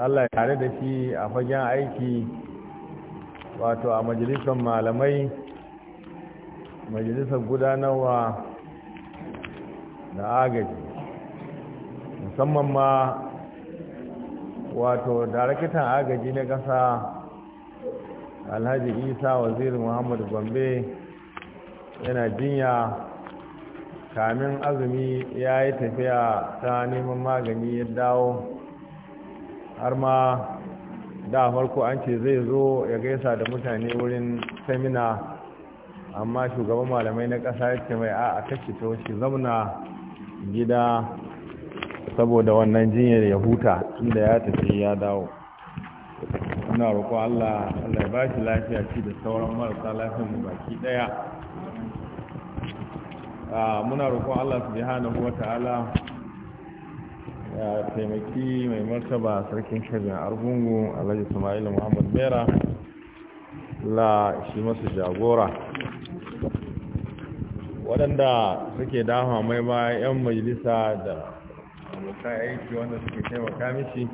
Allah ya tare da shi a fagen aiki wato a majalisar malamai majalisar gudanarwa da agaji musamman ma wato rakitan agaji na ƙasa alhaji isa waziri muhammadu gombe yana jinya kamin azumi ya yi tafiya ta neman magani ya dawo har ma da farko an ce zai zo ya gaisa da mutane wurin samina amma shugaban malamai na ƙasa ya ce mai a kashe ta wasu zamna gida saboda wannan jinyar ya huta inda ya tafi ya dawo suna roƙo Allah Allah ya ba shi lafiya ci da sauran marasa lafiyar mu baki ɗaya. Ah, muna roƙo Allah su subhanahu ta'ala. a taimaki mai martaba sarkin kebin argungu alhaji sama'ila muhammad bera la shi masu jagora waɗanda suke dama mai ba 'yan majalisa da abokan aiki wanda suke taimaka mishi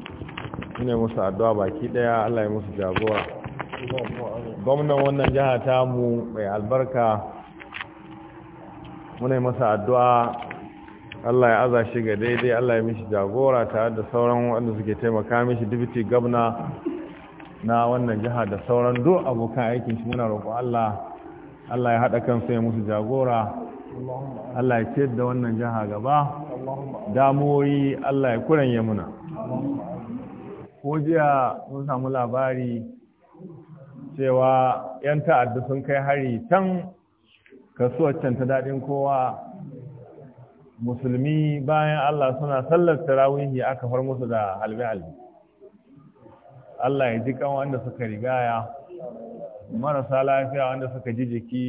su ne musu addu'a baki ɗaya allah ya musu jagora gwamnan wannan jiha tamu mai albarka muna yi masa addu'a Allah ya aza shi ga daidai Allah ya mishi jagora tare da sauran waɗanda suke taimaka mishi dubiti gabna na wannan jiha da sauran duk abokan aikin shi muna roƙo Allah Allah ya haɗa kansu ya musu jagora Allah ya ciyar da wannan jiha gaba damuwoyi Allah ya ya muna ko jiya mun samu labari cewa 'yan ta'adda sun kai hari can kasuwar can ta daɗin kowa musulmi bayan Allah suna sallar tarawihi aka far musu da halbi halbi Allah ya ji kan wanda suka rigaya marasa lafiya wanda suka ji jiki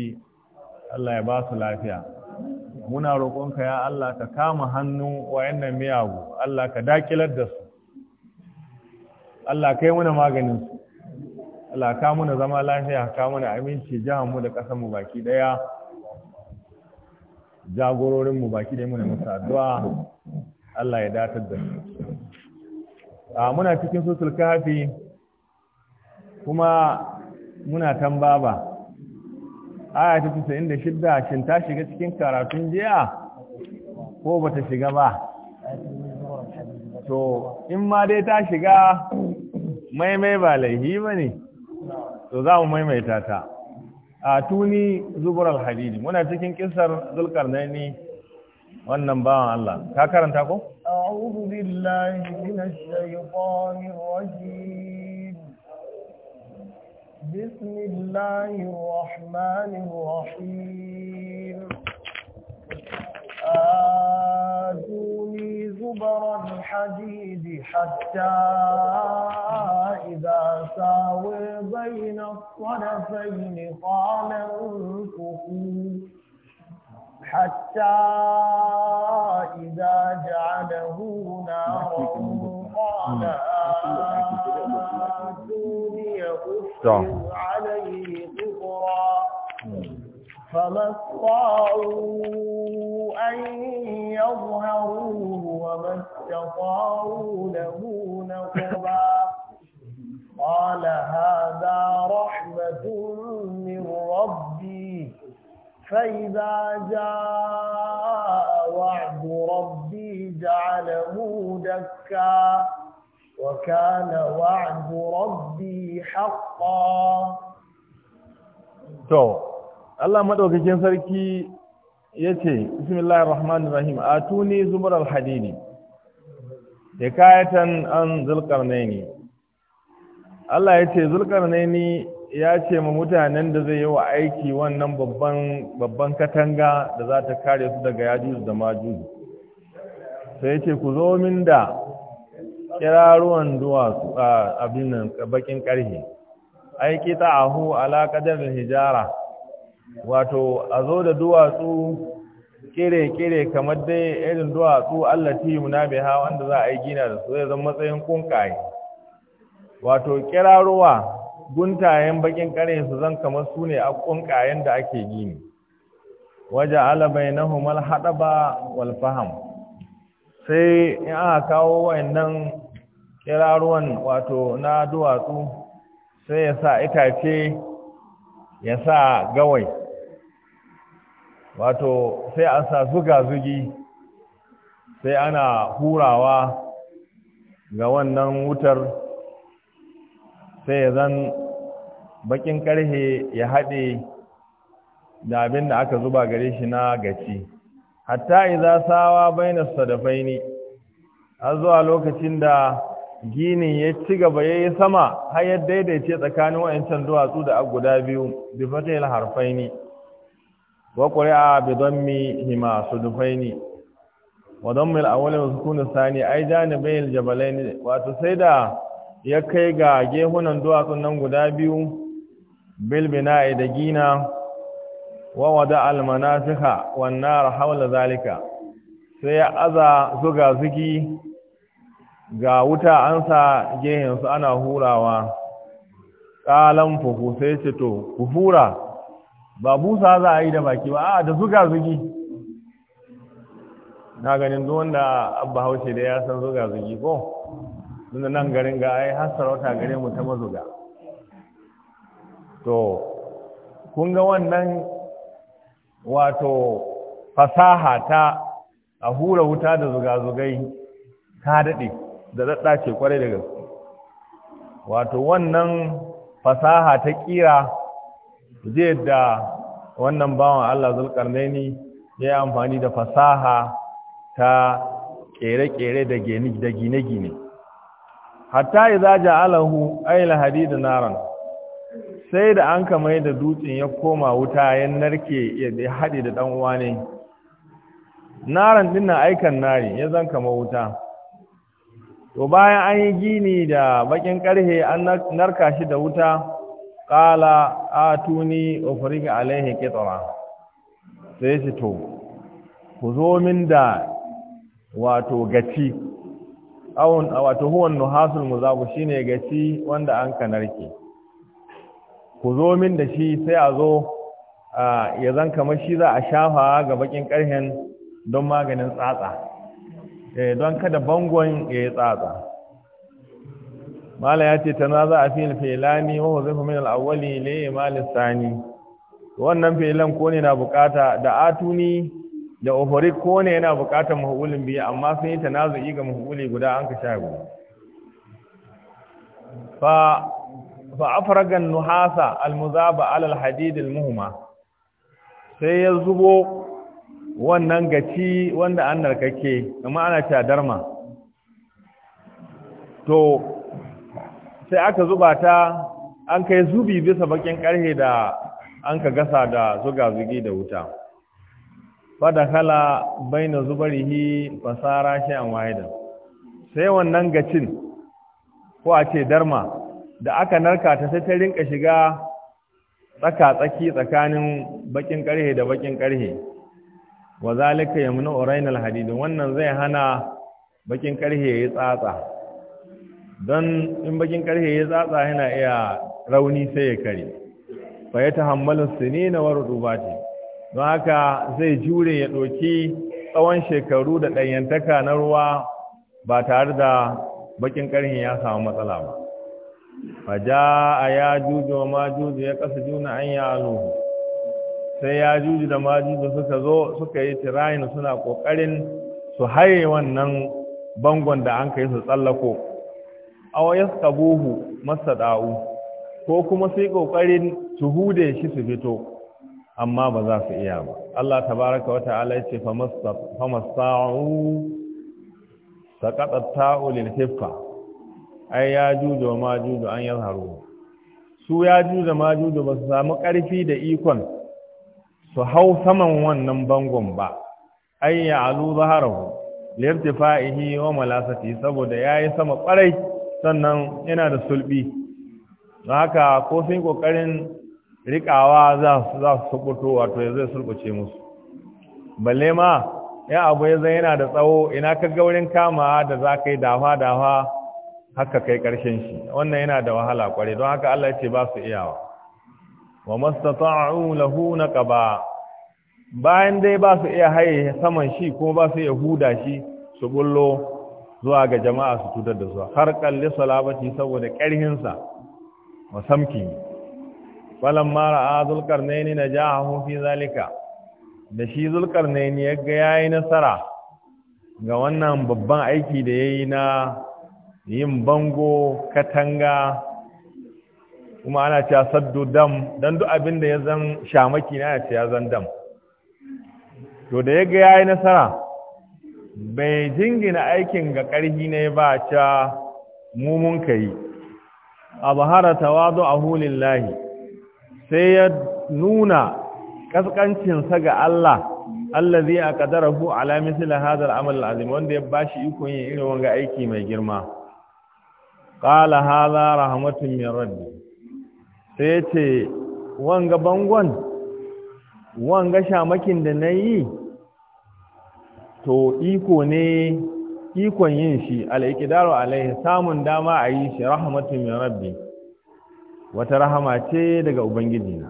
Allah ya ba su lafiya muna roƙonka ya Allah ka kama hannu wayannan miyagu Allah ka dakilar da su Allah kai muna maganin su Allah ka muna zama lafiya ka muna aminci jihar mu da ƙasar mu baki daya jagororinmu baki ɗaya muna masa addu'a Allah ya datar da su muna cikin sosul kafi kuma muna tambaba aya ta 96 shin ta shiga cikin karatun jiya ko bata shiga ba to in ma dai ta shiga maimai ba laihi ba ne to za mu maimaita ta a tuni zubar alhadidi muna cikin kisar zulkarnaini wannan bawan Allah ka karanta ko a'udhu billahi minash shaitanir rajim bismillahir rahmanir rahim الحديد حتى إذا ساوي بين الطرفين قال انفقوا حتى إذا جعله نارا قال آتوني أفضل عليه فما استطاعوا أن يظهروه وما استطاعوا له نقبا قال هذا رحمة من ربي فإذا جاء وعد ربي جعله دكا وكان وعد ربي حقا تو Allah madaukakin sarki yace bismillahir rahmanir rahim atuni al hadidi hikayatan an zulqarnaini Allah yace zulqarnaini ya ce ma mutanen da zai yi wa aiki wannan babban babban katanga da za ta kare su daga yajuz da majuz. sai yace ku zo min da kiraruwan duwatsu abin nan bakin karhe ai qita'ahu ala qadar hijara wato a zo da duwatsu kere-kere kamar dai irin duwatsu allati munabiha wanda za a yi gina da su zai zama matsayin kunkaye wato kirarowa guntayen bakin kare su zan kamar su ne a kunkayen da ake gini waje alabai na haɗa ba walfaham sai in aka kawo wayannan kiraruwan wato na duwatsu sai ya sa itace ya sa gawai wato sai a sa zuga-zugi sai ana hurawa ga wannan wutar sai ya zan bakin karhe ya haɗe da abin da aka zuba gare shi na gaci hatta iza sawa da sadafaini har zuwa lokacin da ginin ya ci gaba ya yi sama har ya daidaice tsakanin wa'ancan duwatsu da guda biyu bi fatihil harfaini wa qur'a bi dammi hima sudufaini wa dammi al wa sukun sani ai janibayil jabalaini wato sai da ya kai ga gehunan duwatsun nan guda biyu bil bina'i da gina wa wada al-manasikha wan nar hawla zalika sai ya aza zuga zugi ga wuta an sa su ana hurawa ƙalan fufu sai ce to ku hura ba busa za a yi da baki ba a da zuga zugi na ganin duk wanda abba haushe da ya san zuga zugi ko tunda nan garin ga ai har sarauta gare mu ta mazuga to kun ga wannan wato fasaha ta a hura wuta da zuga-zugai ta daɗe da zaɗa ce kwarai da gaske wato wannan fasaha ta ƙira zai da wannan bawan Allah zulƙarnaini ya yi amfani da fasaha ta ƙere-ƙere da gine-gine hatta iza Alahu, ayla hadidu naran sai da an kamar da dutsen ya koma wuta ya narke ya haɗe da ɗan uwa ne naran ɗin na aikan nari ya zan kama wuta to bayan an yi gini da bakin karhe an narka shi da wuta ƙala tuni ofirin alaihe kitsara sai shi to ku zo min da wato gaci A wato huwan nuhasul muzabu ne gaci wanda an ka narke ku zo min da shi sai a zo ya zan kamar shi za a shafa ga bakin karhen don maganin tsatsa Eh, don kada bangon ya yi tsatsa mala ya ce tana za a fil felani wa min al'awwali ne ya sani wannan felan ko ne na bukata da atuni da ofori ko ne yana bukatar mahulin biya amma sun yi tanazu'i ga mahuli guda an ka sha guda fa fa afragan nuhasa al-muzaba al-hadid al sai ya zubo wannan gaci wanda an narkake amma ana cewa darma to sai aka zuba ta an kai zubi bisa bakin karhe da an ka gasa da zuga zugi da wuta kala baina zubarihi fasara an wahidan sai wannan gacin ko a ce darma da aka narka ta sai ta rinka shiga tsaka tsaki tsakanin bakin karhe da bakin karhe wa zalika yamnu urainal hadid wannan zai hana bakin karhe ya tsatsa don in bakin karhe ya tsatsa yana iya rauni sai ya kare fa ya tahammalu sinina wa rutubati don haka zai jure ya doki tsawon shekaru da ɗanyantaka na ruwa ba tare da bakin karhe ya samu matsala ba ja a ya juju ma juju ya kasa juna an ya aluhu sai ya juji da majuji suka zo suka yi tirayin suna ƙoƙarin su haye wannan bangon da an kai su tsallako A buhu masa da'u ko kuma su yi ƙoƙarin su hude shi su fito amma ba za su iya ba Allah tabaraka wa ta'ala ya ce famasta'u saqatat ta'u lil hifka ai ya juju ma juju an haru su ya juju ma juju ba su samu ƙarfi da ikon su hau saman wannan bangon ba ai ya alu zaharahu wa malasati saboda yayi sama kwarai sannan yana da sulbi haka ko sun kokarin rikawa za su za su subuto wato ya zai sulbuce musu balle ma ya abu ya zai yana da tsawo ina ka ga wurin kama da za ka yi dafa dafa haka kai karshen shi wannan yana da wahala kwarai don haka Allah ya ce ba su iyawa wa mastata'u lahu naqaba bayan dai ba su iya haye saman shi kuma ba su iya huda shi su bullo zuwa ga jama'a su cutar da su har kalli salabaci saboda ƙarhinsa samki. Falon mara a zulkarnaini na jahahu fi zalika da shi zulkar zulkarnaini ya ga yayi nasara ga wannan babban aiki da yayi na yin bango katanga kuma ana cewa saddu dam dan duk abin da ya zan shamaki na ya ce ya zan dam to da ya ga yayi nasara bai jingina aikin ga ƙarfi ne ba ta mumun kai abhara tawadu'ahu lillahi sai ya nuna ƙasƙancinsa ga Allah Allah zai a ala misli alamisi al-amal al-azim wanda ya bashi ikon yin irin wanga aiki mai girma qala haza rahmatun min rabbi sai ce wanga bangon wanga shamakin da na yi to iko ne ikon yin shi al'ikidaru alaihi samun dama a yi shi rahmatun min rabbi wata rahama ce daga Ubangiji na.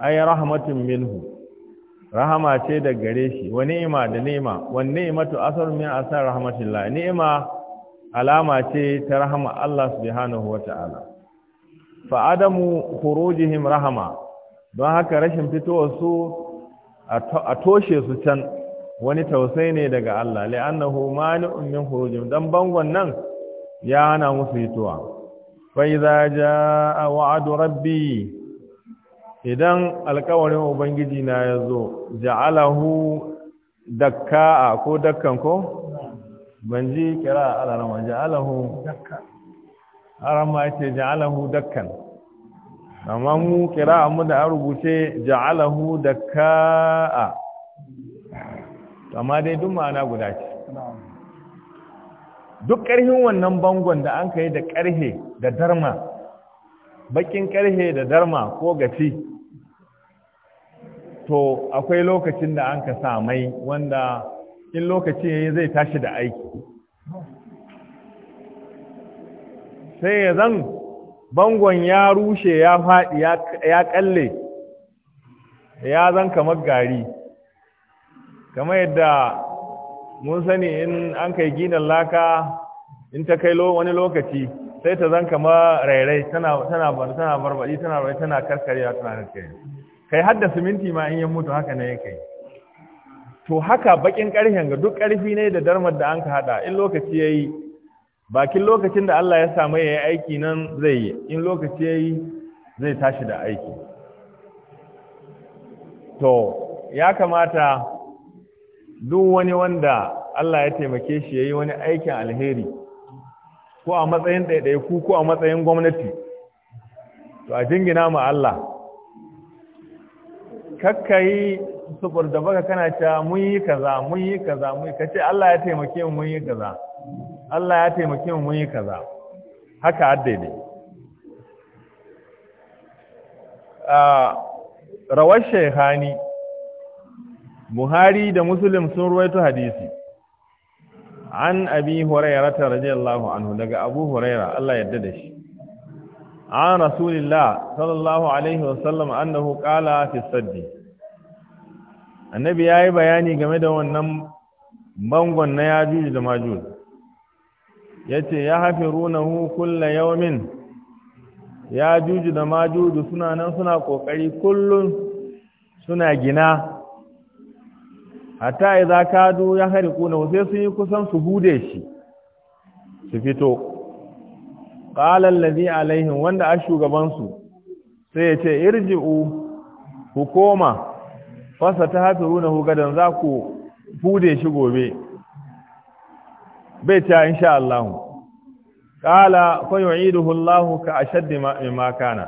ay rahmatun minhu rahama ce daga gare shi wa ni'ima da ni'ima wa ni'matu asar min asar rahmatillah ni'ima alama ce ta rahama Allah subhanahu wata'ala fa adamu khurujihim rahama don haka rashin fitowar su a toshe su can wani tausai ne daga Allah li'annahu mani'un min khurujihim dan bangon nan ya hana musu fitowa fa idza jaa wa'du rabbi idan alkawarin ubangiji na yazo ja'alahu dakka'a ko dakkan ko ban ji kira alaran ja'alahu dakkan aran ma yace ja'alahu dakkan amma mu kira mu da an rubuce ja'alahu da ka'a amma dai duk ma'ana guda ce duk ƙarfin wannan bangon da an yi da ƙarhe da darma bakin ƙarhe da darma ko gaci to akwai lokacin da an ka sa mai wanda in lokaci yayi zai tashi da aiki sai ya zan bangon ya rushe ya faɗi ya ƙalle ya zan kamar gari kamar yadda mun sani in an kai ginan laka in ta kai wani lokaci sai ta zan kamar rairai tana barbaɗi tana rai tana karkarewa tana karkarewa kai hadda siminti ma in yin mutu haka ne ya kai to haka bakin ƙarfen ga duk ƙarfi ne da darmar da an ka haɗa in lokaci ya yi bakin lokacin da Allah ya samu ya yi aiki nan zai yi in lokaci ya yi zai tashi da aiki to ya kamata duk wani wanda Allah ya taimake shi ya yi wani aikin alheri ko a matsayin ɗaiɗaiku ko a matsayin gwamnati to a jingina ma Allah kakkayi sufur da baka kana cewa mun yi kaza mun yi kaza mun yi kace Allah ya taimake mun yi kaza Allah ya taimake mu mun yi kaza haka addade a rawar shaykhani Buhari da Muslim sun ruwaito hadisi an abi hurairah radiyallahu anhu daga abu hurairah Allah ya da shi an rasulillah sallallahu alaihi wasallam annahu qala fi saddi annabi yayi bayani game da wannan bangon na yajuj da majuj yace ya hafi hafirunahu kulla yawmin ya juju da majuju suna nan suna kokari kullun suna gina hatta idza kadu ya harikuna sai sun yi kusan su hude shi su fito qala allazi alaihim wanda a shugaban su sai ya ce irji'u ku koma fasa ta hafirunahu gadon za ku hude shi gobe bai ta insha Allah Kala, fa yu'iduhu Allah ka ashaddi ma kana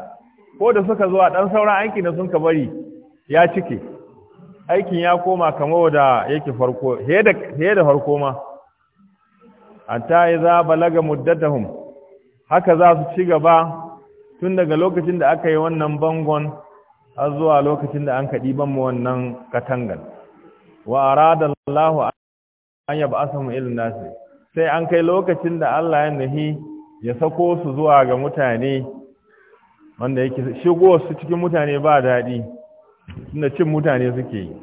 ko da suka zuwa dan sauran aiki da sun ka bari ya cike aikin ya koma kamar da yake farko he da he da farko ma balaga muddatahum haka za su ci gaba tun daga lokacin da aka yi wannan bangon har zuwa lokacin da an kaɗi ban mu wannan katangan wa arada an yab'athum ilin nasi sai an kai lokacin da Allah ya nahi ya sako su zuwa ga mutane wanda yake shigo su cikin mutane ba daɗi suna cin mutane suke yi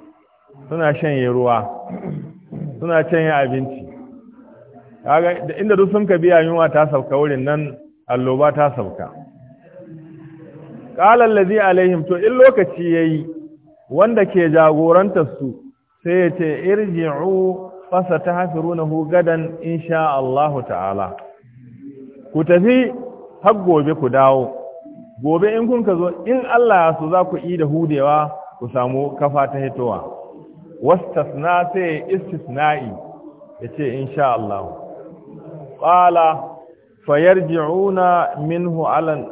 suna shanye ruwa suna canye abinci da inda duk sun ka biya yunwa ta sauka wurin nan alloba ta sauka ƙalar lazi alaihim to in lokaci ya yi wanda ke jagorantar su sai ya ce irji'u fasa ta hafiru gadan insha Allah ta'ala ku tafi har gobe ku dawo gobe in kun ka zo in Allah su za ku yi da hudewa ku samu kafa ta hitowa wastasna sai istisna'i yace insha Allah qala fayarji'una minhu alan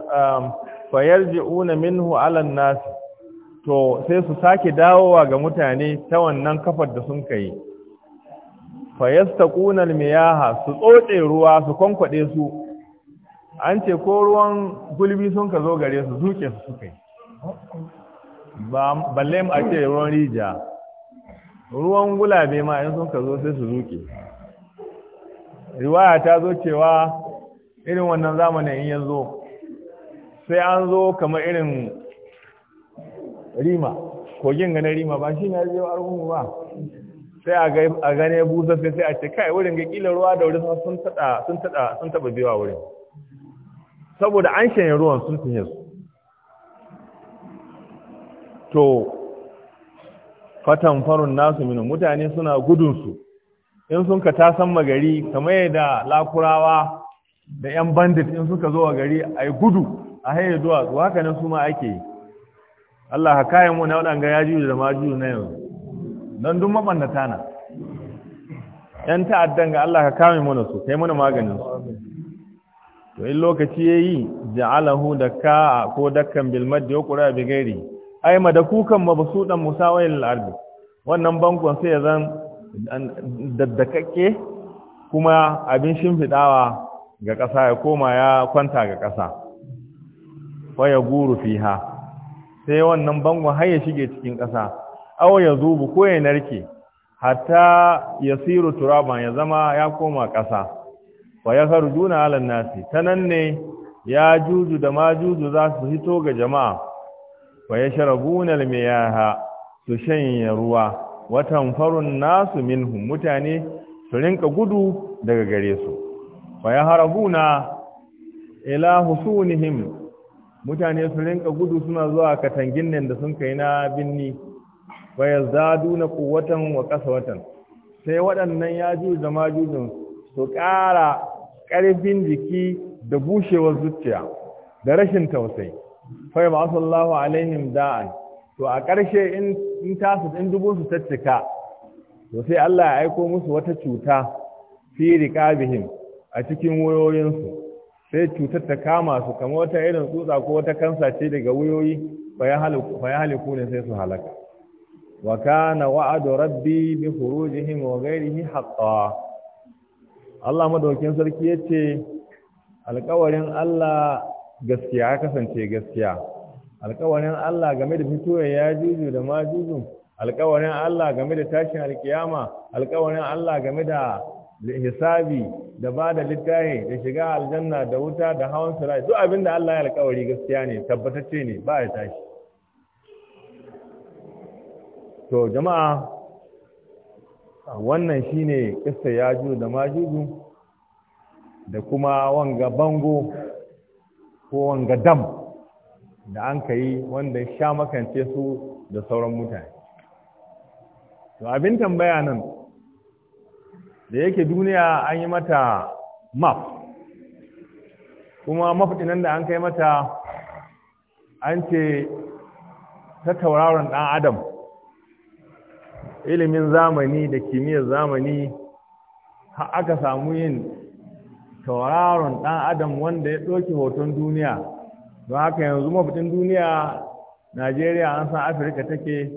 um, minhu alan nasi, to sai su sake dawowa ga mutane ta wannan kafar da sun kai ƙunar almiyaha su tsotse ruwa su kwankwaɗe su an ce ko ruwan gulbi sun ka zo gare su zuke su suka yi balle a ce ruwan rija ruwan gulabe ma in sun ka zo sai su zuke riwaya ta zo cewa irin wannan zamanin in yanzu sai an zo kamar irin rima kogin ganin rima ba shi ne ya ba sai a gane busa sai sai a ce kai wurin ga kila ruwa da wuri sun tada sun tada sun taba wurin saboda an shanye ruwan sun tunye su to fatan farun nasu minu mutane suna gudun su in sun ka tasan magari kamar yadda lakurawa da yan bandit in suka zo a gari a gudu a haye duwatsu haka nan su ma ake yi Allah ka kayan mu na waɗanga ya da ma na yanzu don duk mabannata na yan ta'addan ga Allah ka kame mana su kai mana maganin su to in lokaci ya yayi ja'alahu ka'a ko dakkan bil da ya qura bi gairi ai ma da su mabsudan musawayil ardi wannan bankon sai ya zan daddakakke kuma abin shimfidawa ga ƙasa ya koma ya kwanta ga ƙasa waya guru fiha sai wannan bangon har ya shige cikin ƙasa aw ya zubu ko ya narke hatta yasiru turaban ya zama ya koma ƙasa wa ya yakhrujuna ala nasi tanan ne ya juju da majuju za su hito ga jama'a wa yashrabuna al almiyaha su shanya ruwa watan farun nasu minhum mutane su rinka gudu daga gare su wa ya yaharabuna ila husunihim mutane su rinka gudu suna zuwa katangin nan da sun kai na binni wa na quwwatan wa watan sai waɗannan ya da majujun su ƙara ƙarfin jiki da bushewar zuciya da rashin tausayi fa ya Allah alaihim da'an to a ƙarshe in in tasu in dubu su tattaka to sai Allah ya aiko musu wata cuta fi riqabihim a cikin wayoyinsu sai cutar ta kama su kamar wata irin tsutsa ko wata kansa ce daga wayoyi fa ya haliku ne sai su halaka وكان وعد ربي بخروجهم وغيره حقا Allah madaukin sarki ya ce alkawarin Allah gaskiya ya kasance gaskiya alkawarin Allah game da fitowar ya juju da ma juju alkawarin Allah game da tashin alkiyama alkawarin Allah game da hisabi da ba da littahi da shiga aljanna da wuta da hawan sirai duk abin da Allah ya alkawari gaskiya ne tabbatacce ne ba ya tashi to jama'a wannan shine kissa yaju da majuju da kuma wanga bango ko wanga dam da an ka yi wanda sha makance su da sauran mutane to abin tambaya nan da yake duniya an yi mata map kuma mafiɗinan da an kai mata an ce ta tauraron ɗan adam ilimin zamani da kimiyyar zamani har aka samu yin tauraron ɗan adam wanda ya ɗauki hoton duniya don haka yanzu mafitin duniya najeriya an san afirka take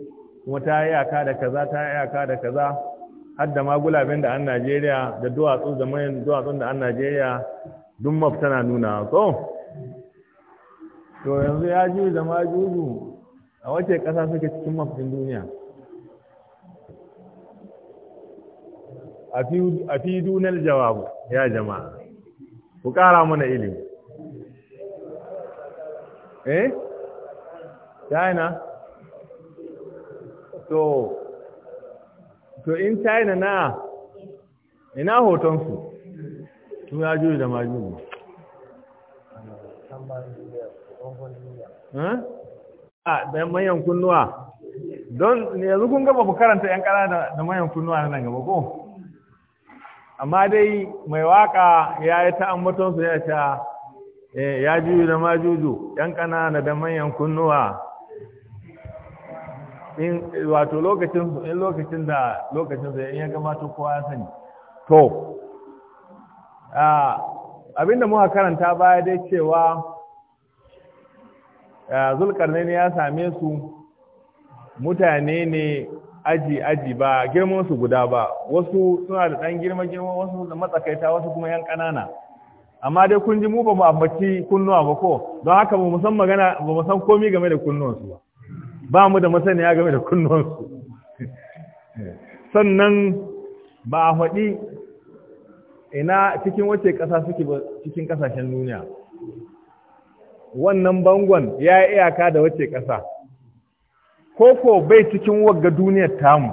kuma ta yi yaka da kaza ta yi yaka da kaza har da magulabin da an najeriya da duwatsu da mayan duwatsun da an najeriya duk mafita na nuna so to yanzu ya ji da juju a wace ƙasa suke cikin mafitin duniya a fi dunar jawabu ya jama'a ku kara mana ilimi eh china to to in china na ina hotonsu su ya juyi da majini a ɗan mayan kunnuwa don yanzu kun gaba bukaranta 'yan ƙara da mayan kunnuwa na nan gaba ko? amma dai mai waka ya yi ta ambatonsu ya ta eh, ya juju da majuju yan ƙanana da manyan kunnuwa in wato lokacin in lokacin da lokacin da ya to kowa ya sani to abinda muka karanta baya dai cewa zulkarnaini ya same su mutane ne aji aji ba girman su guda ba wasu suna da dan girma girma wasu da matsakaita wasu kuma yan kanana amma dai kun ji mu ba mu ambaci kunnuwa ba ko don haka ba mu san magana ba mu san komai game da kunnuwan su ba ba mu da masaniya game da kunnuwan su sannan ba a faɗi ina cikin wace ƙasa suke ba cikin ƙasashen duniya wannan bangon ya yi iyaka da wace ƙasa ko ko bai cikin wagga duniyar tamu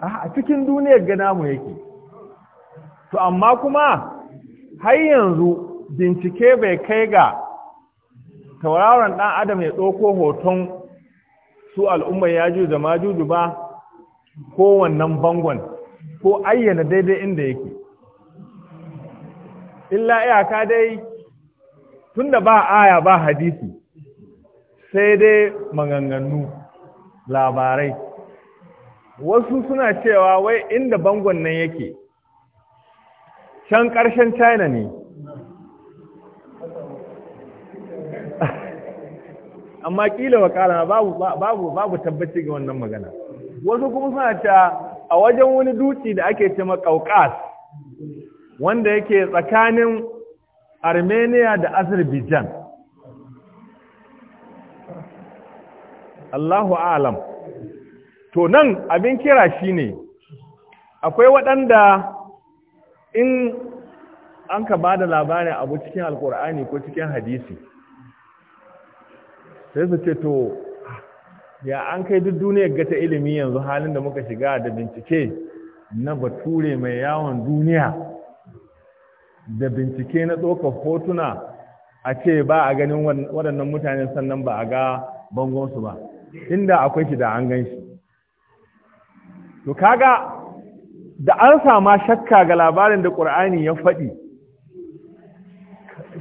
a cikin duniyar ga namu yake to amma kuma har yanzu bincike bai kai ga tauraron ɗan adam ya ɗauko hoton su al'ummar ya ju da majuju ba ko wannan bangon ko ayyana daidai inda yake illa iyaka dai tunda ba aya ba hadisi sai dai maganganu labarai wasu suna cewa wai inda bangon nan yake can ƙarshen china ne amma ƙila wa ƙara babu babu tabbaci ga wannan magana wasu kuma suna cewa a wajen wani dutse da ake cema kaukas wanda yake tsakanin armenia da azerbaijan Allahu alam to nan abin kira shi ne. akwai waɗanda in an ka ba da labarin abu cikin alkur'ani ko cikin hadisi sai su ce to ya an kai duk duniyar gata ilimi yanzu halin da muka shiga da bincike na bature mai yawon duniya da bincike na tsokar hotuna a ce ba a ganin waɗannan mutane sannan ba a ga bangonsu ba inda akwai shi da an gan shi to kaga da an sama shakka ga labarin da ƙur'ani ya faɗi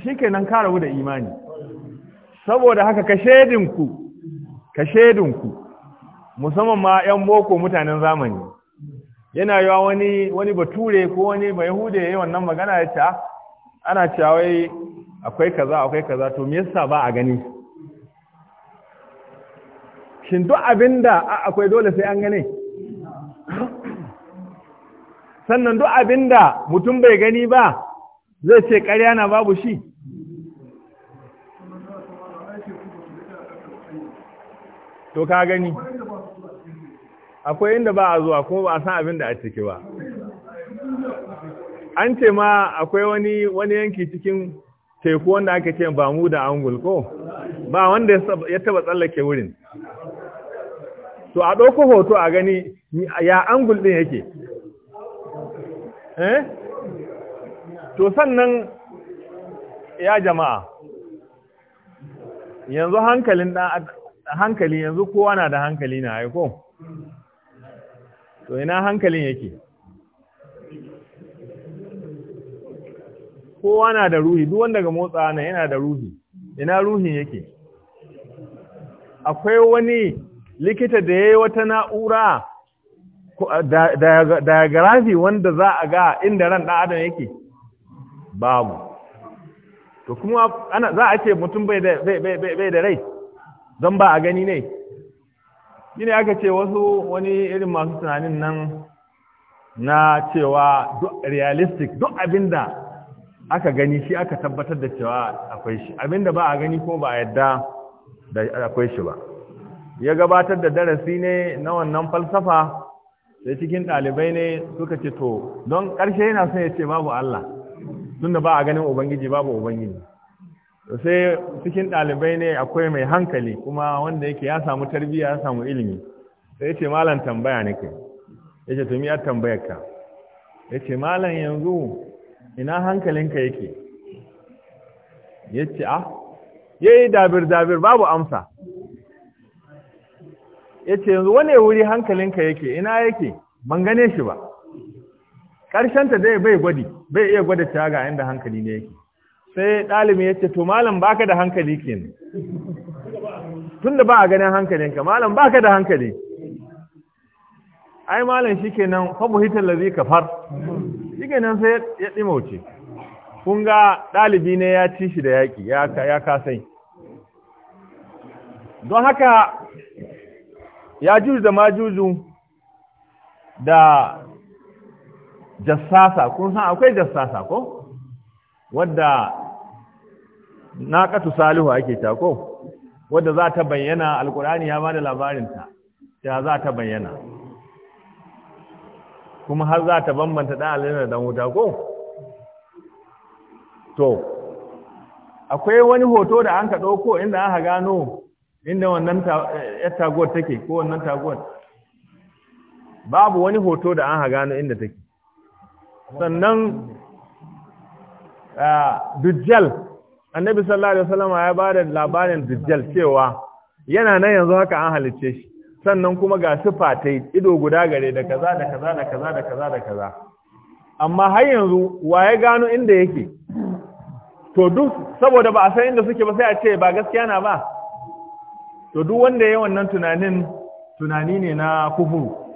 shi kenan ka rabu da imani saboda haka ka shaidinku, ka shaidinku, musamman ma 'yan boko mutanen zamani yana yawa wani wani bature ko wani mai yahude yi wannan magana ya ta ah, ana cewa akwai kaza akwai kaza to me yasa ba a gani shin duk abin da akwai dole sai an gane sannan duk abin da mutum bai gani ba zai ce ƙarya na babu shi to ka gani akwai inda ba a zuwa kuma ba a san abin da a ciki ba an ce ma akwai wani wani yanki cikin teku wanda ake ce ba mu da angul ko ba wanda ya taba tsallake wurin to a ɗauko hoto a gani ya angul ɗin yake eh to sannan ya jama'a yanzu hankalin ɗan hankali yanzu kowa na da hankali na haiko? to ina hankalin yake kowa na da ruhi duk wanda ga motsa na yana da ruhi ina ruhin yake akwai wani likita da ya yi wata na'ura diagraphy wanda za a ga inda ran ɗan adam yake babu to kuma za a ce mutum bai da rai don ba a gani ne shine aka ce wasu wani irin masu tunanin nan na cewa realistic duk abinda aka gani shi aka tabbatar da cewa akwai shi abinda ba a gani ko ba a yadda da akwai shi ba ya gabatar da darasi ne na wannan falsafa da cikin ɗalibai ne suka ce to don ƙarshe yana son ya ce babu Allah tun da ba a ganin Ubangiji babu Ubangiji sai cikin ɗalibai ne akwai mai hankali kuma wanda yake ya samu tarbiyya ya samu ilimi sai ce malam tambaya nake ya ce tumi yar tambayar ka ya ce malam yanzu ina hankalinka yake ya ce ah yayi dabir dabir babu amsa ya ce yanzu wane wuri hankalinka yake ina yake ban gane shi ba ta dai bai gwadi bai iya gwada cewa ga inda hankali ne yake sai ɗalibi ya ce to malam baka da hankali ne tun da ba a ganin hankalinka malam baka da hankali ai malam shi ke nan, fa buhitar lazi kafar shi nan sai ya ɗimauce kun ga ɗalibi ne ya ci shi da yaƙi ya kasai don haka ya juju da majuju da jassasa kun san akwai jassasa ko wadda naqatu salihu ake ta ko wadda za ta bayyana alqurani ya bada labarinta ta za ta bayyana kuma har za ta bambanta da alina da wuta ko to akwai wani hoto da an ka dauko inda aka gano inda wannan eh, yar taguwar take ko wannan taguwar babu wani hoto da an gano inda take sannan ah, dujjal annabi sallallahu alaihi wasallam ya ba da labarin dujjal cewa yana nan yanzu haka an halicce shi sannan kuma ga sifa ta ido guda gare da kaza da kaza da kaza da kaza da kaza amma har yanzu wa ya gano inda yake to duk saboda ba a san inda suke ba sai a ce ba gaskiya na ba to duk wanda ya wannan tunanin tunani ne na kufuru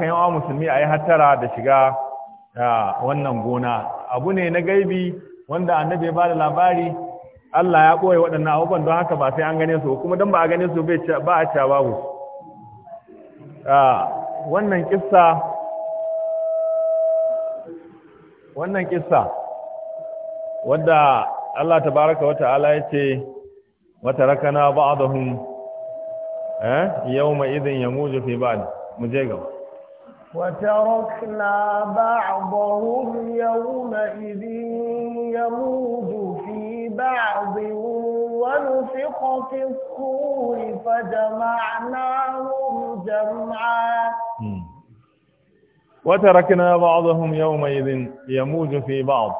yi yawa musulmi a yi hattara da shiga wannan gona abu ne na gaibi wanda annabi ya bada labari Allah ya koya waɗannan abubuwan don haka ba sai an gane su kuma don ba a gane su ba a ca babu wannan kissa wannan kissa wadda Allah tabaraka wa ta'ala ya ce وتركنا بعضهم يوم إذن يموج في بعض مجيغم وتركنا بعضهم يومئذ يموج في بعض ونفخ في الصور فجمعناهم جمعا وتركنا بعضهم يومئذ يموج في بعض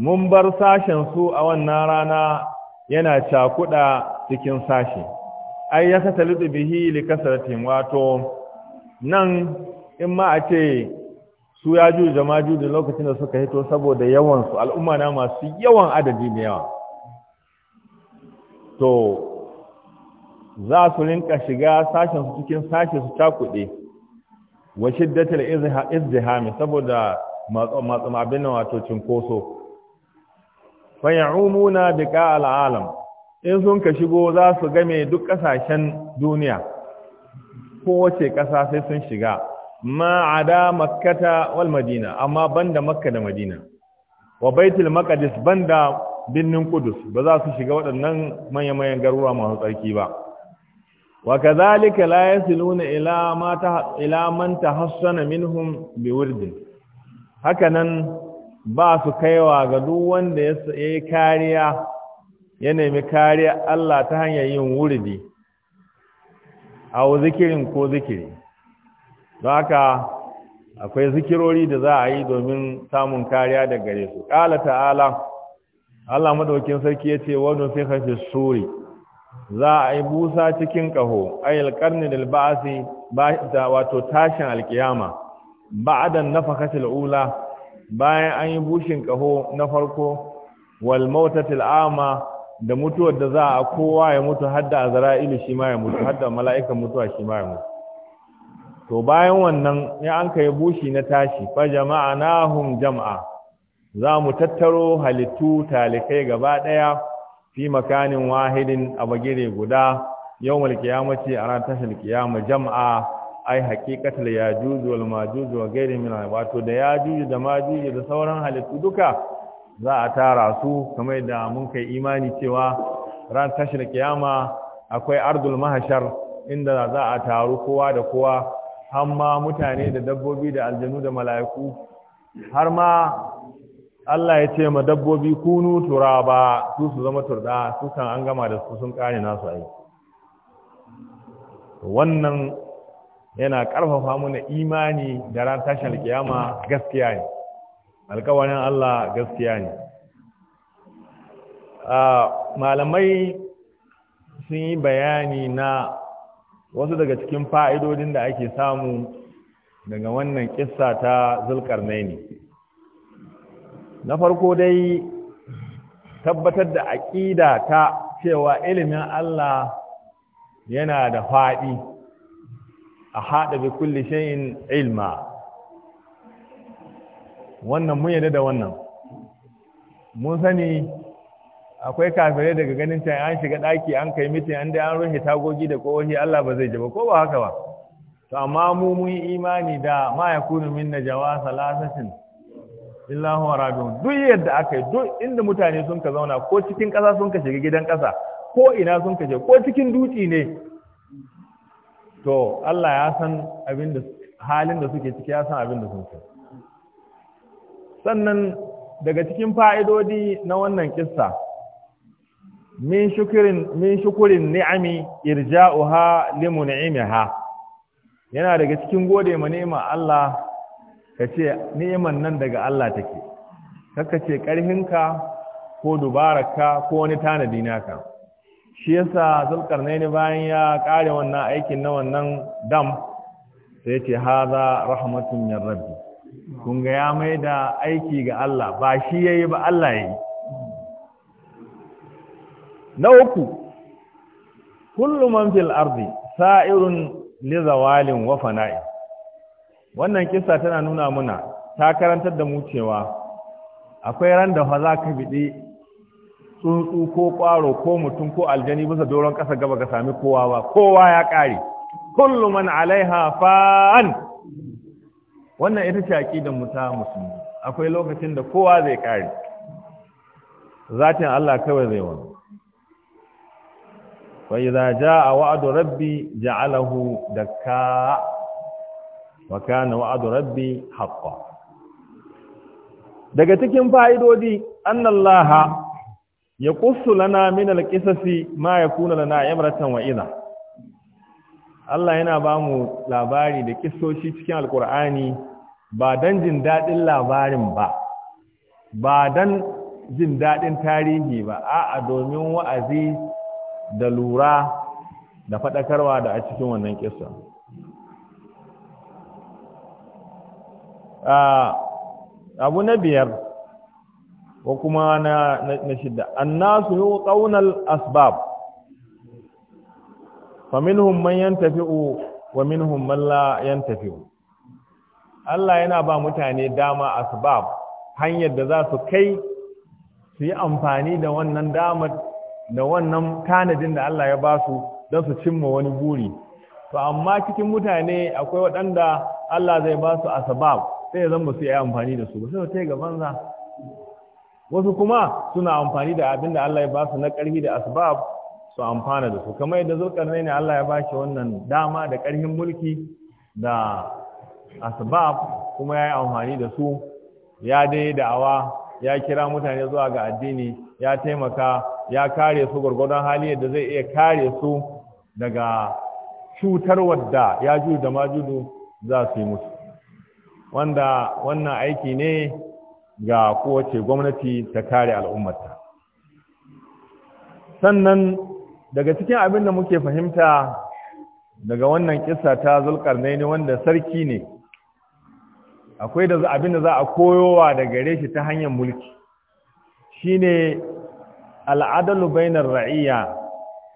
mun bar سوء والنارانا yana cakuda cikin sashi ai ya katalidu bihi li kasratin wato nan in ma a ce su ya ju jama'u da lokacin da suka hito saboda yawan su al'umma na masu yawan adadi da yawa to za su rinka shiga sashen su cikin sashi su cakude wa shiddatul izdihami saboda matsama abin wato cinkoso fa bika al'alam in sun ka shigo za su game duk kasashen duniya kowace ƙasa sai sun shiga ma ada makkata wal madina amma banda makka da madina wa baitul maqdis banda binnin kudus ba za su shiga waɗannan manya-manyan garuruwa masu tsarki ba wa kazalika la yasiluna ila ma ta ila man tahassana minhum biwurdin hakanan ba su kaiwa ga duk wanda ya yi kariya ya nemi kariya Allah ta hanyar yin wurdi a zikirin ko zikiri don haka akwai zikirori da za a yi domin samun kariya da gare su ƙala ta'ala Allah madaukin sarki ya ce wani fi hafi suri za a yi busa cikin ƙaho ayyul karni da ba'asi wato tashin alkiyama ba'adan nafakatil ula bayan an yi bushin ƙaho na farko wal mautatil ama da mutuwar da za a kowa ya mutu hadda zara'ilu shi ma ya mutu hadda mala'ikan mutuwa shi ma ya mutu to bayan wannan ya an kai bushi na tashi fa jama'a nahum jama'a. za mu tattaro halittu talikai gaba daya fi makanin wahidin a bagire guda yawmul qiyamati a ran tashil jama'a. ai haqiqatul yajuj wal majuj wa ghairi min wato da yajuj da majuj da sauran halittu duka za a tara su kamar da mun kai imani cewa ran tashar kiyama akwai ardul mahashar inda za a taru kowa da kowa har ma mutane da dabbobi da aljanu da mala'iku har ma Allah ya ce ma dabbobi kunu turaba su su zama turda su kan an gama da su sun kare nasu ai wannan yana ƙarfafa mana imani da ran tashin alkiyama gaskiya ne alkawarin Allah gaskiya ne malamai sun yi bayani na wasu daga cikin fa'idodin da ake samu daga wannan ƙisa ta ne na farko dai tabbatar da aƙida ta cewa ilimin Allah yana da faɗi ahada bi kulli shay'in ilma wannan mun yadda da wannan mun sani akwai kafirai daga ganin can an shiga daki an kai mitin an dai an rushe tagogi da kowahi Allah ba zai ji ba ko ba haka ba to amma mu mun yi imani da ma yakunu min najawa salasatin illa huwa duk yadda aka yi duk inda mutane sun ka zauna ko cikin ƙasa sun ka shiga gidan ƙasa ko ina sun ka shiga ko cikin duci ne to Allah ya san abin da halin da suke ciki ya san abin da sun kai sannan daga cikin fa'idodi na wannan kissa min shukurin min ni'ami irja'uha yana daga cikin gode ma ni'imar Allah kace ni'iman nan daga Allah take kaka ce karhinka ko dubararka ko wani tanadi naka shi yasa ne bayan ya kare wannan aikin na wannan dam sai ce haza rahmatun min rabbi kun ga ya mai da aiki ga Allah ba shi yayi ba Allah yayi na uku kullu man fil ardi sa'irun li zawalin wa wannan kissa tana nuna muna ta karantar da mu cewa akwai ran da fa za ka tsuntsu ko ƙwaro ko mutum ko aljani bisa doron ƙasa gaba ka sami kowa ba kowa ya ƙare kullum man alaiha fa'an wannan ita ce da muta musulmi akwai lokacin da kowa zai ƙare zatin Allah kawai zai wani وإذا جاء وعد ربي جعله دكاء na wa'adu rabbi حقا daga cikin fa'idodi annallaha ya kusu lana min alqisasi ma yakuna lana ibratan wa idha Allah yana ba mu labari da kisoshi cikin alkur'ani ba don jin daɗin labarin ba ba don jin daɗin tarihi ba a'a domin wa'azi da lura da faɗakarwa da a cikin wannan kissa ah, abu na biyar ko kuma na na shidda annasu yuqawna al-asbab faminhum man yantafi'u wa minhum man la yantafi'u Allah yana ba mutane dama asbab hanyar da za su kai su yi amfani da wannan damar da wannan tanadin da Allah ya ba su don su cimma wani buri to amma cikin mutane akwai waɗanda Allah zai ba su asbab sai zan ba su yi amfani da su ba sai ta ga banza wasu kuma suna amfani da abin da Allah ya ba su na ƙarfi da asbab su amfana da su kamar yadda zulkarnai ne Allah ya ba shi wannan dama da ƙarfin mulki da asbab kuma ya yi amfani da su ya dai da'awa ya kira mutane zuwa ga addini ya taimaka ya kare su gwargwadon hali yadda zai iya kare su daga cutar wadda ya ju da majudu za su yi musu wanda wannan aiki ne ga kowace gwamnati ta kare al'ummata. sannan daga cikin abin da muke fahimta daga wannan kisa ta ne wanda sarki ne akwai da abin da za a koyowa da gare shi ta hanyar mulki shi ne al'adalu bainar Ra'iya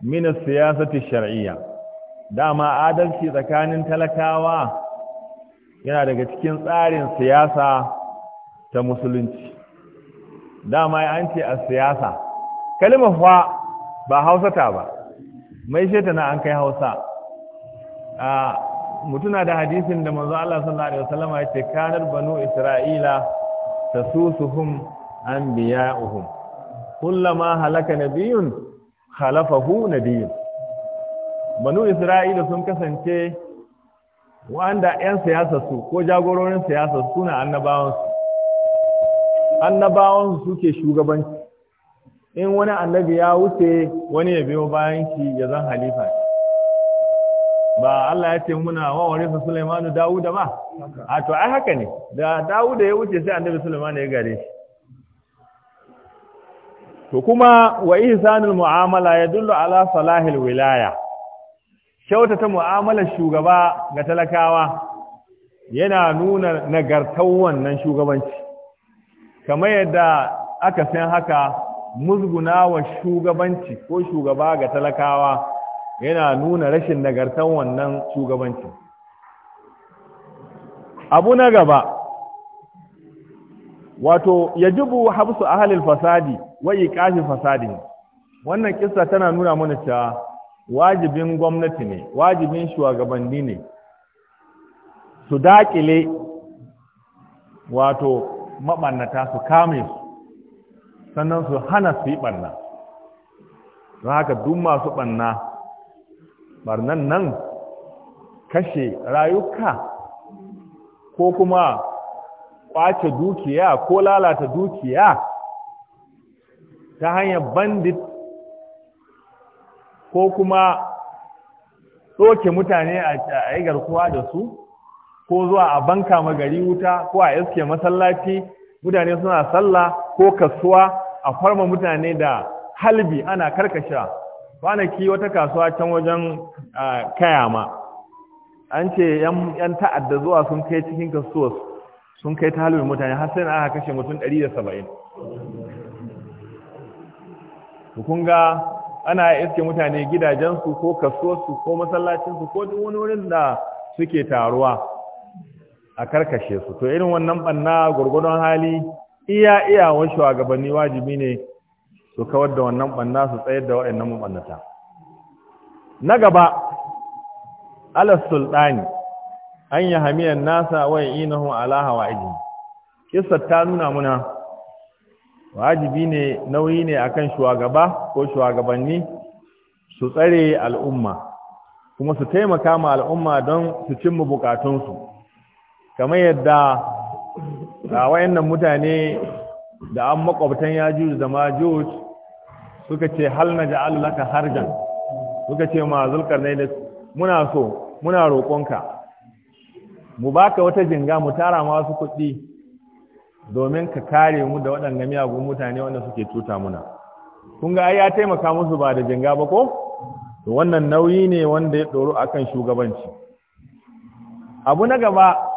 mina siyasati shar'iyya dama adalci tsakanin talakawa yana daga cikin tsarin siyasa ta musulunci dama an ce a siyasa kalmar fa ba hausata ba mai sheta na an kai hausa a mutuna da hadisin da manzo Allah sallallahu alaihi wasallam ya ce kanar banu isra'ila tasusuhum anbiya'uhum kullama halaka nabiyun khalafahu nabiyun banu isra'ila sun kasance wanda 'yan siyasa su ko jagororin siyasa suna annabawansu annabawan suke shugabanci in wani annabi ya wuce wani ya biyo bayan shi ya zan halifa ba Allah ya ce muna wa warisa Sulaimanu Dawuda ba a to ai haka ne da Dawuda ya wuce sai annabi Sulaiman ya gare shi to kuma wa ihsanul mu'amala yadullu ala salahil wilaya kyautata mu'amalar shugaba ga talakawa yana nuna nagartar wannan shugabanci kamar yadda aka san haka musguna wa shugabanci ko shugaba ga talakawa yana nuna rashin nagartan wannan shugabanci abu na gaba wato yajibu habsu ahlil fasadi wa iqafi fasadi wannan kissa tana nuna mana cewa wajibin gwamnati ne wajibin shugabanni ne su daƙile, wato maɓannata su kame su sannan su hana su yi ɓanna don haka duk masu ɓanna ɓarnan nan kashe rayuka ko kuma ƙwace dukiya ko lalata dukiya ta hanyar bandit ko kuma ɗoke mutane a yi garkuwa da su ko zuwa a banka ma gari wuta ko a iske masallaci mutane suna sallah ko kasuwa a farma mutane da halbi ana karkasha kwanaki wata kasuwa can wajen kayama an ce yan ta'adda zuwa sun kai cikin kasuwa sun kai ta mutane har sai na aka kashe mutum 170 Ku ga ana iske mutane gidajensu ko kasuwarsu ko masallacinsu ko duk wani wurin da suke taruwa a karkashe su to irin wannan banna gurgudun hali iya wa shugabanni wajibi ne su kawar da wannan banna su tsayar da waɗannan mabannata na gaba ala sultani an yi hamiyar nasa wa inahu ala hawaiji kissa ta nuna muna wajibi ne nauyi ne akan shugaba ko shugabanni su tsare al'umma kuma su taimaka ma al'umma don su cimma bukatunsu kamar yadda a wayannan mutane da an makwabtan yajuj da majuj suka ce hal na allaka harjan suka ce ma zulkar zulkarnain muna so muna roƙonka mu baka wata jinga mu tara ma wasu kuɗi domin ka kare mu da waɗannan miyagun mutane wanda suke tuta muna kun ga ya taimaka musu ba da jinga ba ko to wannan nauyi ne wanda ya ɗoro akan shugabanci abu na gaba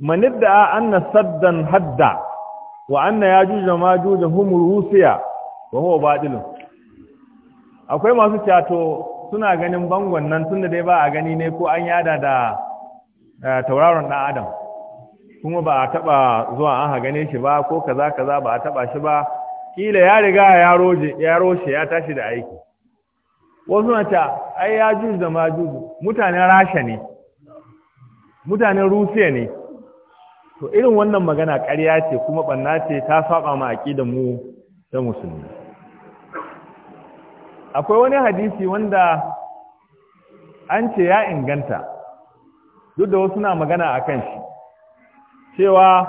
من ادعى ان saddan hadda wa anna yajuj wa majuj hum rusiya akwai masu cato suna ganin bangon nan tunda dai ba a gani ne ko an yada da eh, tauraron dan adam kuma ba a taba zuwa an ha gane shi ba ko kaza kaza ba a taba shi ba kila ya riga ya roje ya roshe ya tashi da aiki wasu na ta ai ya juju da mutanen rasha ne mutanen rusiya ne to irin wannan magana ƙarya ce kuma ɓanna ce ta saba ma aƙida mu ta musulmi akwai wani hadisi wanda an ce ya inganta duk da wasu na magana a kan shi cewa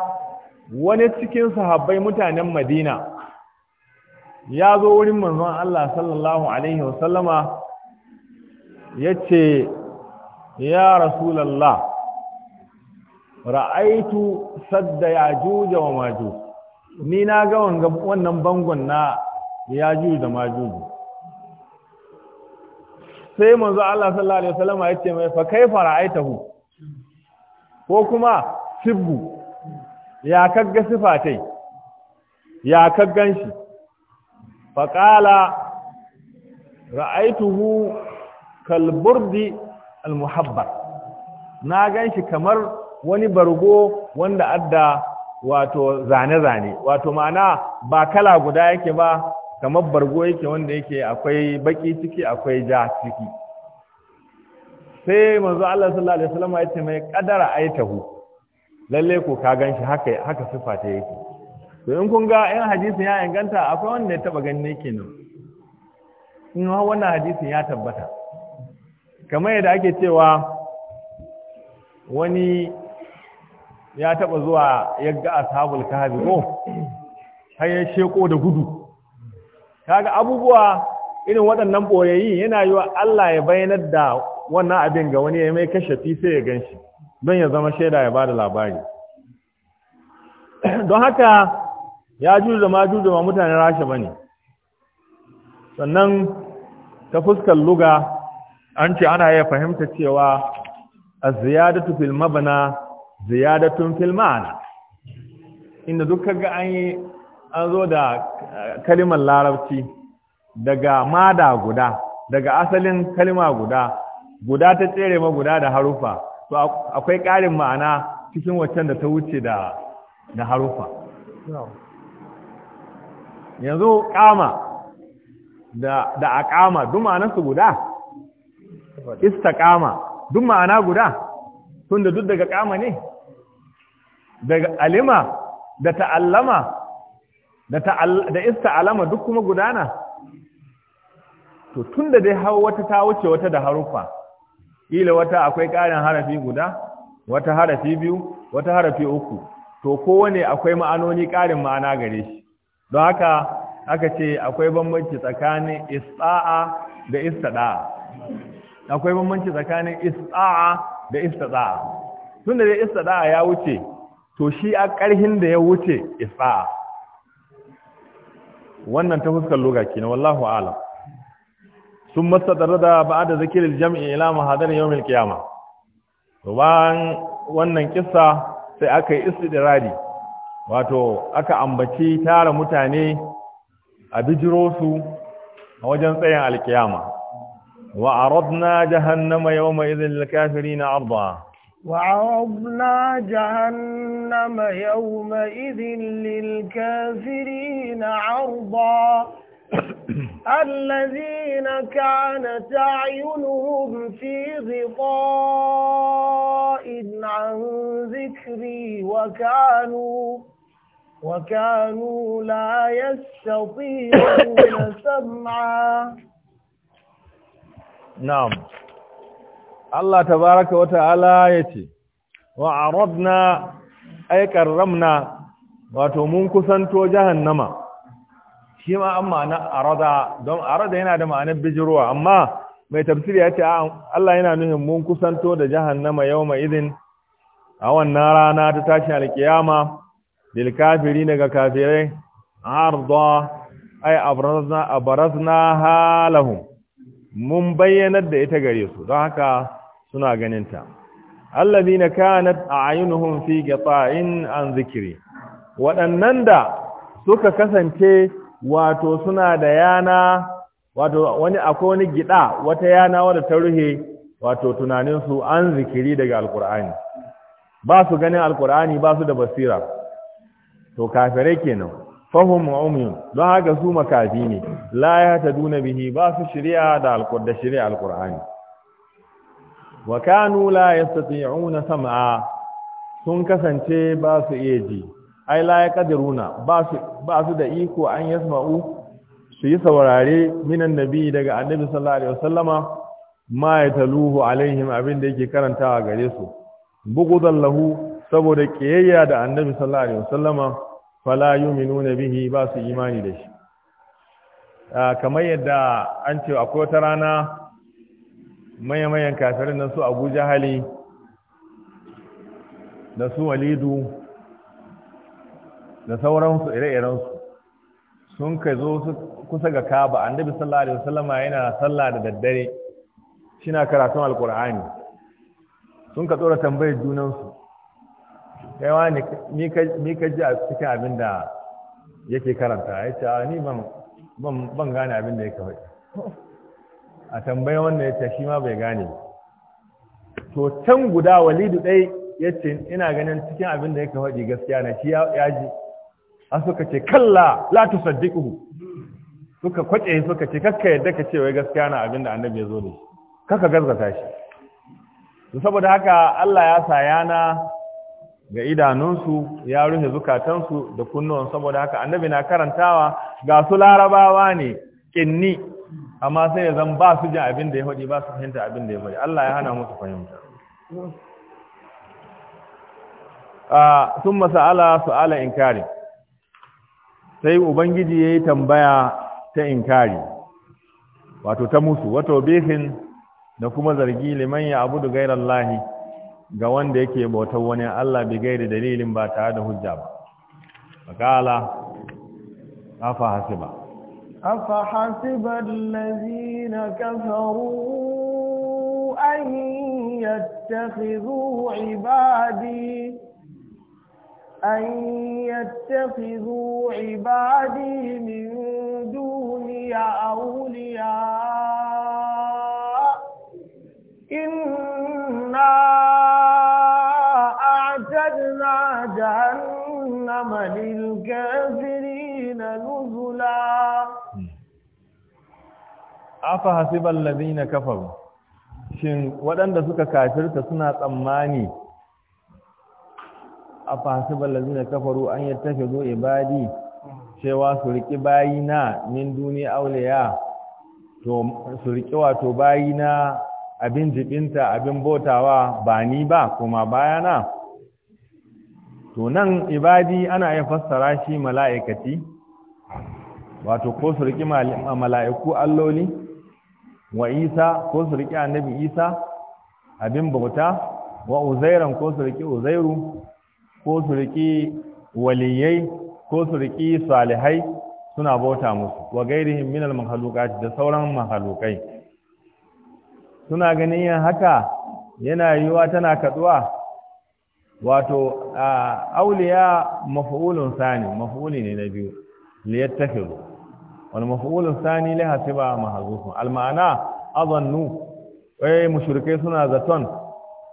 wani cikin sahabbai mutanen madina ya zo wurin manzon Allah sallallahu alaihi wasallama ya ce ya rasulallah ra'aitu sadda yajuja wa majuj ni na ga wannan bangon na yajuj da majuj sai manzo Allah sallallahu alaihi wasallam ya ce mai fa kai ra'aitahu ko kuma sibbu ya kagga sifatai ya kaggan shi fa qala ra'aituhu kal burdi al muhabbar na ganshi kamar wani bargo wanda adda wato zane-zane wato ma'ana ba kala guda yake ba kamar bargo yake wanda yake akwai baki ciki akwai ja ciki sai manzo Allah sallallahu alaihi wasallam ya ce mai kadara aitahu lalle ko ka ganshi haka haka sifa ta yake to in kun ga in hadisin ya inganta akwai wanda ya taba ganin kenan in ha wannan hadisin ya tabbata kamar yadda ake cewa wani ya taɓa zuwa yagga ashabul kahfi ko har ya sheko da gudu kaga abubuwa irin waɗannan ɓoyayi yana yi wa Allah ya bayanar da wannan abin ga wani ya mai kashafi sai ya gan shi don ya zama shaida ya ba da labari don haka ya da ma juju ma mutanen rasha bane sannan ta fuskar luga an ce ana ya fahimta cewa a ziyadatu fil mabna ziyadatun fil ma'ana inda duk kaga an yi an zo da eh, kalimar larabci daga mada guda daga asalin kalima guda guda ta tsere ma guda da harufa to akwai ƙarin ma'ana cikin waccan da ta wuce da da harufa yanzu kama da da aqama duk ma'anarsu guda kama duk ma'ana guda tunda duk daga kama ne daga alima da ta'allama da ista'alama duk kuma gudana to tun da dai hau wata ta wuce wata da haruffa ila wata akwai ƙarin harafi guda wata harafi biyu wata harafi uku to kowane akwai ma'anoni ƙarin ma'ana gare shi don haka aka ce akwai bambanci tsakanin ista'a da istada'a akwai bambanci tsakanin ista'a da istada'a tun da dai istada'a ya wuce to shi a ƙarhin da ya wuce isa wannan ta fuskar loga na wallahu a'lam sun tare da da zikirin jam'i ila mahadar yawmil kiyama to bayan wannan kissa sai aka yi istidradi wato aka ambaci tara mutane a bijiro su a wajen tsayin alkiyama wa aradna jahannama yawma idhil kafirina arda وعرضنا جهنم يومئذ للكافرين عرضا الذين كانت أعينهم في غطاء عن ذكري وكانوا وكانوا لا يستطيعون سمعا نعم Allah tabaraka wa ta'ala yace wa aradna ay karramna wato mun kusanto jahannama shi ma an ma'ana arada don arada yana da ma'anar bijirwa amma mai tafsiri ya ce Allah yana nuhin mun kusanto da yau, mai izin. a wannan rana ta tashin alkiyama bil kafiri daga kafirai arda ay abrazna abrazna halahum mun bayyanar da ita gare su don haka suna ganinta na kanat a'yunuhum fi qita'in an zikri waɗannan da suka kasance wato suna da yana wato wani akwai wani gida wata yana wadda ta ruhe wato tunaninsu an zikiri daga alkur'ani ba su ganin alkur'ani ba su da basira to kafirai kenan fahim umyun don haka su makafi ne la ya ta duna bihi ba su shari'a da shirya alkur'ani wa kanu la yastati'una sam'a sun kasance ba su iya ji ai la yaqdiruna ba su ba su da iko an yasma'u su yi saurare minan nabi daga annabi sallallahu alaihi wasallama ma yataluhu alaihim abin da yake karantawa gare su bugudan lahu saboda kiyayya da annabi sallallahu alaihi wasallama fala yu'minuna bihi ba su imani da shi ah, kamar yadda an ce akwai wata rana mayan kafirin nasu su abu jahali da su walidu da sauransu ire-irensu sun ka zo kusa ga kaba annabi sallallahu alaihi wasallama yana sallah da daddare shina karatun alkur'ani sun ka tsora tambayar junansu kaiwa ne ni ka ji a cikin abin da yake karanta ya ce ni ban gane abin da ya kawai a tambaye wannan ya ce shi ma bai gane to can guda walidu ɗai ya ce ina ganin cikin abin da yake faɗi gaskiya na shi ya ji an suka ce kalla la tu saddiquhu suka kwace suka ce kakka yadda ka ce wai gaskiya na abin da annabi ya zo da shi kaka gazgata shi saboda haka Allah ya sa yana ga idanunsu ya rufe zukatansu da kunnuwan saboda haka annabi na karantawa ga su larabawa ne kinni amma sai ya zan ba su jin abin da ya faɗi ba su fahimta abin da ya faɗi Allah ya hana musu fahimta sun masa'ala su'ala inkari sai ubangiji ya yi tambaya ta inkari wato ta musu wato bihin da kuma zargi liman ya abu da gairar lahi ga wanda yake bautar wani Allah bi gairi dalilin ba tare da hujja ba makala hasi hasiba أفحسب الذين كفروا أن يتخذوا عبادي أن يتخذوا عبادي من دوني أولياء إنا أعتدنا جهنم للكافرين نزلاً afa hasiban ladina kafaru shin waɗanda suka kafirta suna tsammani afa hasiban ladina kafaru an yattafi zo ibadi cewa su riƙi na min duniya auliya to su riƙi wato bayi na abin jibinta abin botawa ba ni ba kuma bayana to nan ibadi ana yin fassara shi mala'ikati wato ko su riƙi mala'iku alloli wa isa ko su riƙe annabi isa abin bauta wa uzairan ko su riƙe uzairu ko su riƙe waliyai ko su riƙe salihai suna bauta musu wa gairihim min al da sauran mahalukai suna ganin yin haka yana yiwa tana kaɗuwa? wato auliya maf'ulun sani maf'uli ne na biyu liyattafiru wani mafi'ulun sani laha tiba mahzufun al ma'ana azannu wai eh, mushrikai suna zaton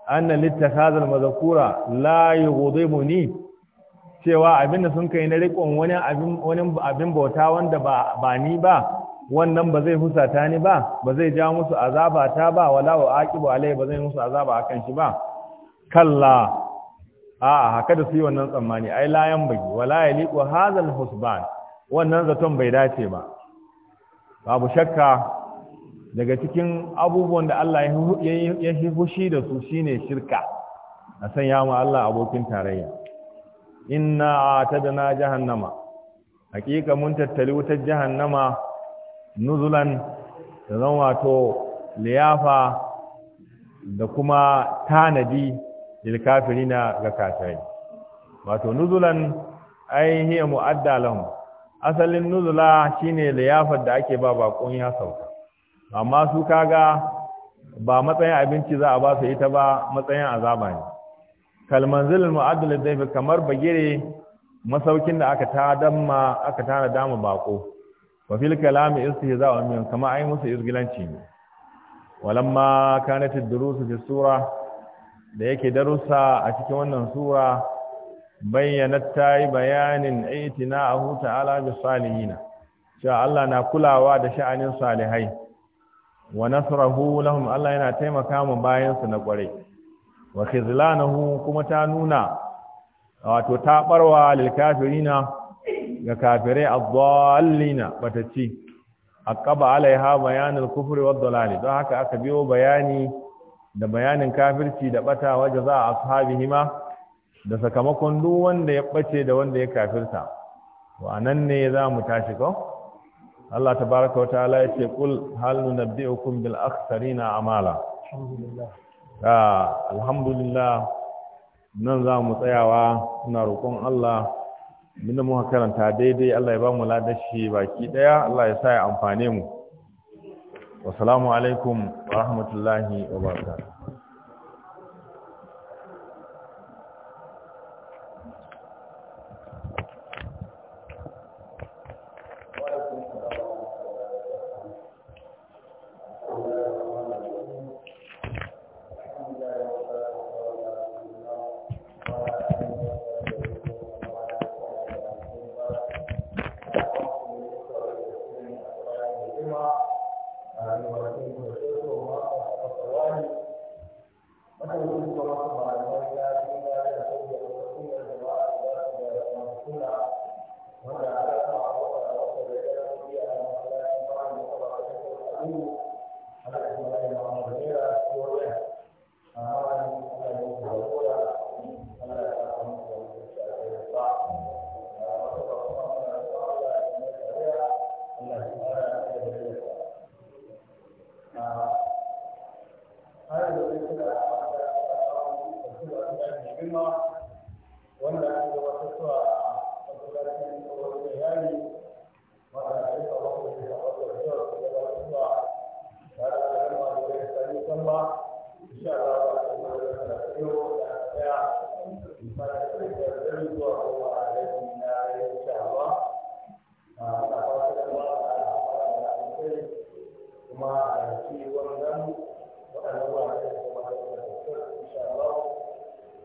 anna littakhazal mazkura la yughdibuni cewa abinda sun kai na rikon wani abin wani abin bauta wanda ba ba ni ba wannan ba zai husata ni ba ba zai ja musu azaba ta ba wala wa aqibu alai ba zai musu azaba akan shi ba kalla a'a haka da su yi wannan tsammani ai layan bagi wala yaliqu hadha al husban wannan zaton bai dace ba babu shakka daga cikin abubuwan da Allah ya yi fushi da su shine shirka a sanya mu Allah abokin tarayya inna atadna jahannama hakika mun tattali wutar jahannama nuzulan da zan wato liyafa da kuma tanadi lil kafirina ga kafirai wato nuzulan ai hiya mu'adda lahum asalin nuzula shine liyafar da ake ba bakon ya sauka amma su kaga ba matsayin abinci za a ba su ita ba matsayin azaba ne kalmanzil mu'addal dayf kamar bagire masaukin da aka damma aka tana dama bako wa fil kalam istihza wa min kama ai musu izgilanci ne walamma kanat ad-durus fi sura da yake darussa a cikin wannan sura Bayyana ta yi bayanin aitina a huta ala bi salihina Sha Allah na kulawa da sha'anin salihai wa nasrahu lahum Allah yana taimaka mu bayan su na kware. wa khizlanahu kuma ta nuna wato ta barwa lil kafirina ga kafirai adallina ci aqaba alaiha bayanul kufri wad dalali don haka aka biyo bayani da bayanin kafirci da bata za a ashabihima da sakamakon duk wanda ya bace da wanda ya kafirta Wa anan ne za mu tashi ko Allah tabaraka wataala ya ce kul hal nunabbiukum bil akhsarina amala alhamdulillah ah, nan za mu tsayawa suna roƙon Allah inda mu karanta daidai Allah ya ba mu ladashi baki daya Allah ya sa ya amfane mu wasalamu alaikum wa rahmatullahi wa barakatuh